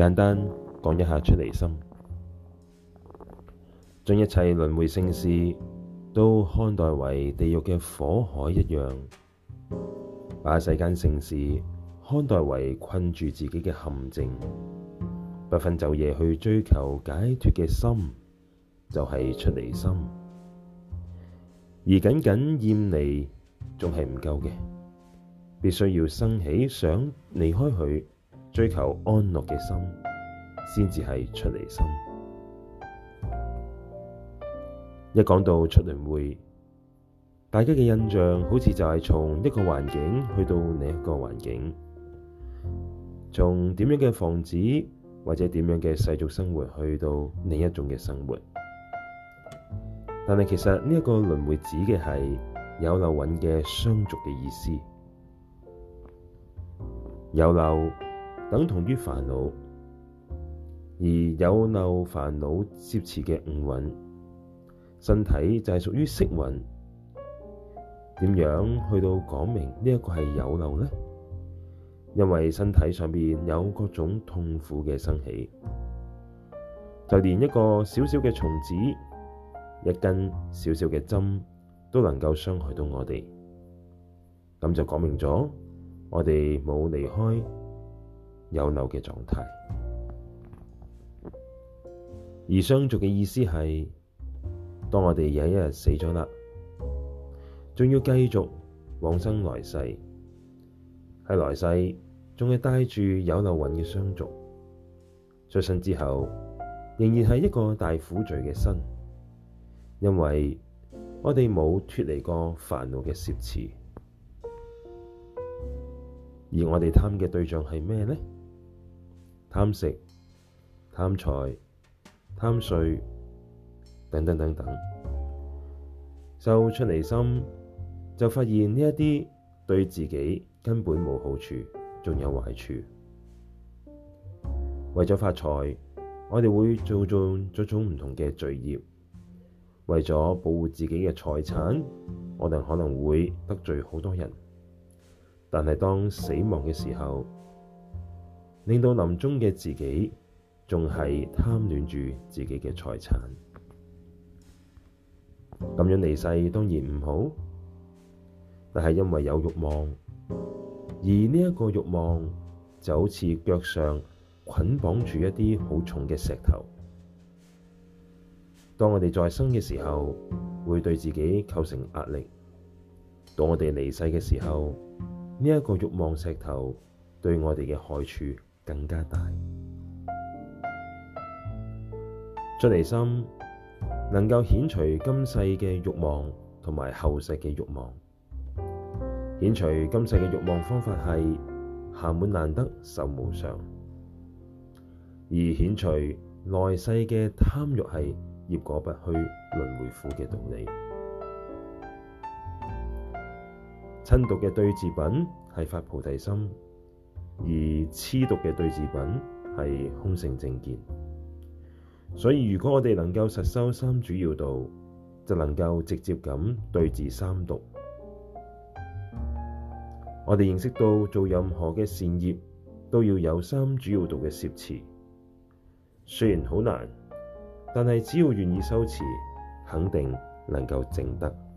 簡單講一下出離心，將一切輪回盛事都看待為地獄嘅火海一樣，把世間盛事看待為困住自己嘅陷阱，不分晝夜去追求解脱嘅心，就係、是、出離心。而僅僅厭離仲係唔夠嘅，必須要生起想離開佢。追求安樂嘅心，先至係出離心。一講到出輪回，大家嘅印象好似就係從一個環境去到另一個環境，從點樣嘅房子，或者點樣嘅世俗生活去到另一種嘅生活。但係其實呢一個輪回指嘅係有漏蘊嘅相續嘅意思，有漏。等同於煩惱，而有漏煩惱攝持嘅五蘊，身體就係屬於色蘊。點樣去到講明呢一個係有漏呢？因為身體上面有各種痛苦嘅生起，就連一個小小嘅蟲子、一根小小嘅針，都能夠傷害到我哋。咁就講明咗，我哋冇離開。有漏嘅狀態，而相續嘅意思係，當我哋有一日死咗啦，仲要繼續往生來世，喺來世仲係帶住有漏蘊嘅相續，出生之後仍然係一個大苦聚嘅身，因為我哋冇脫離過煩惱嘅攝持，而我哋貪嘅對象係咩呢？貪食、貪財、貪睡等等等等，修出離心就發現呢一啲對自己根本冇好處，仲有壞處。為咗發財，我哋會做盡種種唔同嘅罪業；為咗保護自己嘅財產，我哋可能會得罪好多人。但係當死亡嘅時候，令到臨終嘅自己仲係貪戀住自己嘅財產，咁樣離世當然唔好，但係因為有欲望，而呢一個欲望就好似腳上捆綁住一啲好重嘅石頭。當我哋再生嘅時候，會對自己構成壓力；到我哋離世嘅時候，呢一個欲望石頭對我哋嘅害處，更加大，出離心能夠遣除今世嘅欲望同埋後世嘅欲望。遣除今世嘅欲望方法係暇滿難得、壽無常，而遣除來世嘅貪欲係業果不虛、輪迴苦嘅道理。嗔毒嘅對治品係發菩提心。而黐毒嘅對治品係空性正見，所以如果我哋能夠實修三主要道，就能夠直接咁對治三毒。我哋認識到做任何嘅善業都要有三主要道嘅攝持，雖然好難，但係只要願意修持，肯定能夠證得。